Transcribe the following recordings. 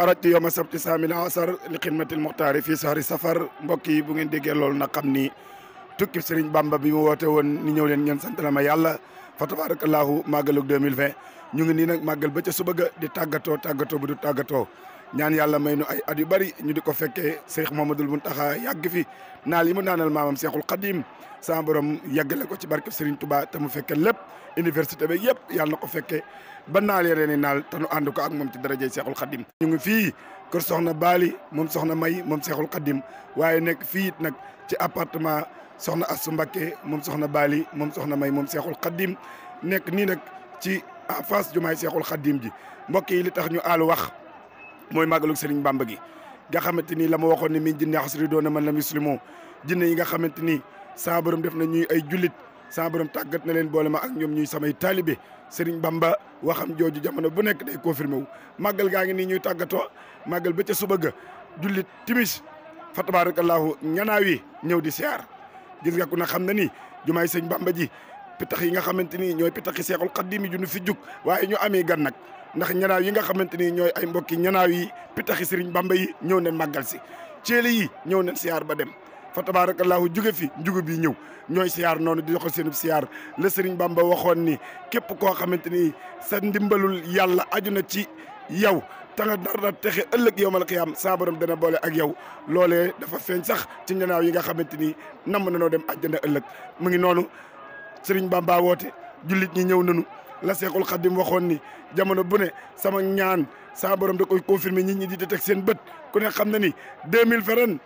xarajtu a sabti saamil asar li xidmatil muxtaari fii sahri safar mbokk yi bu ngeen déggee na nag xam ni tukki Serigne Bamba bi mu woote woon ni ñëw leen ngeen sant la ma yàlla fa tabarakallahu màggalug 2020 ñu ngi nii nag màggal ba ca suba ga di tàggatoo tàggatoo bu du tàggatoo ñaan yàlla may nu ay at yu bari ñu di ko fekkee Cheikh Mouhamadoul Mountakha yàgg fi naal yi mu naanal maamam Cheikhul Khadim sama borom yàggale ko ci barke Serigne Touba te mu fekke lépp université bi yëpp yàlla na ko fekkee ba naal yeneen yi naal te nu ànd ko ak moom ci darajey Cheikhul Khadim ñu ngi fii kër Soxna Baali moom Soxna May moom Cheikhul Khadim waaye nekk fii nag ci appartement Soxna Assou Mbacké moom Soxna Baali moom Soxna May moom Cheikhul Khadim nekk nii nag ci en face jumaay Cheikhul Khadim ji mbokk yi li tax ñu àll wax mooy màggalu Serigne mbamba gi nga xamante ni la ma waxoon ne min jinne xasri doona man la muslimoo jinne yi nga xamante ni sa def na ñuy ay jullit sa borom tàggat na leen boole ma ak ñoom ñuy samay taalibe Serigne Bamba waxam jooju jamono bu nekk day confirmé wu màggal gaa ngi nii ñuy tàggatoo màggal ba ca suba ga jullit timis fa tabarakallahu ñanaaw yi ñëw di siyaar gis nga ku na xam na ni jumaay sëñ Bamba ji pitax yi nga xamante ni ñooy pitax yi seexul xaddim yi ju nu fi jug waaye ñu amee gan nag ndax ñanaaw yi nga xamante ni ñooy ay mbokki ñanaaw yi pitaxi sëriñ Bamba yi ñëw nañ màggal si ceeli yi ñëw nañ siyaar ba dem fa tabaarakallaahu jóge fi njugu bi ñëw ñooy siyaar noonu di doxal seenub siyaar la sëriñ Bamba waxoon ni képp koo xamante ni sa ndimbalul yàlla aju na ci yow ta nga dara texe ëllëg yow mal xiyaam saa borom dana boole ak yow loole dafa feeñ sax ci ñanaaw yi nga xamante ni namm na noo dem àjjana ëllëg mu ngi noonu sëriñ Bamba woote jullit ñi ñëw nañu la Seexul Xadim waxoon ni jamono bu ne sama ñaan saa borom da koy confirmer nit ñi di teg seen bët ku ne xam na ni 2000 feren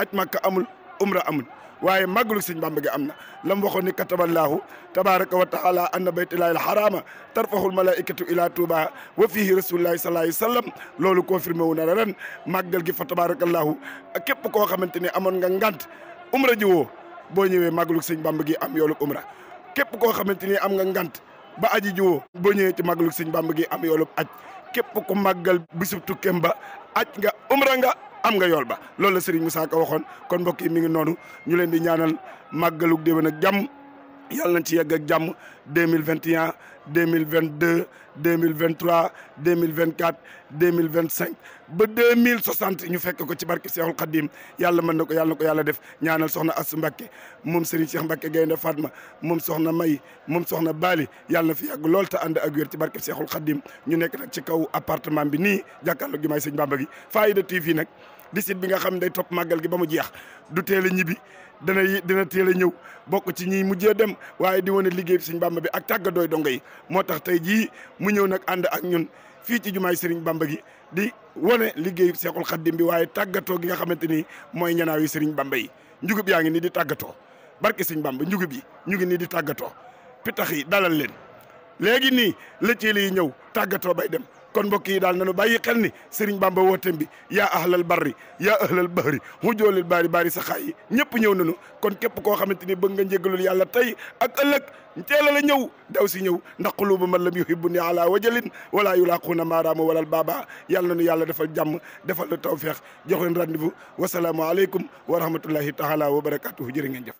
aj Makka amul umra amul waaye màggalu sëñ Bàmba gi am na la mu waxoon ni kataballaahu tabaraka wa taala anna baytillahi alxarama tarfahul malaikatu ila touba wa fihi rasulullahi sallallahu alayhi wasallam loolu confirmé wu na la ren màggal gi fa tabarakallaahu képp koo xamante ne amoon nga ngant umra ji woo boo ñëwee màggalu sëñ Bàmba gi am yoolu umra képp koo xamante ni am nga ngant ba aji jiwoo boo ñëwee ci màggalu sëñ Bàmba gi am yoolub aj képp ku màggal bisub kem ba aj nga umra nga am nga yool ba loolu la Serigne Moussa Ka waxoon kon mbokk yi mi ngi noonu ñu leen di ñaanal màggaluk déwén ak jàmm yàlla nañ ci yegg ak jàmm deux mille vingt et un deux mille vingt deux deux mille vingt trois deux mille vingt quatre deux mille vingt cinq ba deux mille soixante ñu fekk ko ci barke Seexul Xadim yàlla mën na ko yàlla ko yàlla def ñaanal soxna Asu Mbàkke moom Serigne Cheikh Mbàkke Gaynde Fatma moom soxna May moom soxna Bali yàlla na fi yàgg lool te ànd ak wér ci barke Seexul Xadim ñu nekk nag ci kaw appartement bi nii jàkkaarloog gi may sëñ Bamba gi Faaida TV nag di bi nga xam ne day màggal gi ba mu jeex du teel a dana dina teel a ñëw bokk ci ñiy mujjee dem waaye di wane liggéey bi sëñ Bamba bi ak tàggadooy dongo yi moo tax tey jii mu ñëw nag ànd ak ñun fii ci yi Serigne Bamba gi di wane liggéey Seexul Xaddim bi waaye tàggatoo gi nga xamante ni mooy ñanaaw yi Serigne Bamba yi njugub yaa ngi nii di tàggatoo barke sëñ Bamba njugub yi ñu ngi nii di tàggatoo pitax yi dalal leen léegi nii lëccëli yi ñëw tàggatoo bay dem kon mbokk yi daal nañu bàyyi xel ni Serigne Bamba wootem bi yaa ahlal barri yaa ahlal bahri mu joolil baari baari sa xaay yi ñëpp ñëw nañu kon képp koo xamante ni bëgg nga njégalul yàlla tey ak ëllëg teela la ñëw daw si ñëw ndax quluubu man lam yuhibbuni ala wajalin wala yulaaquuna maaraama walal baaba yàlla nañu yàlla defal jàmm defal la tawfeex joxleen rendez-vous wasalaamu aleykum wa rahmatullahi taala wa barakatuhu jërë ngeen jëf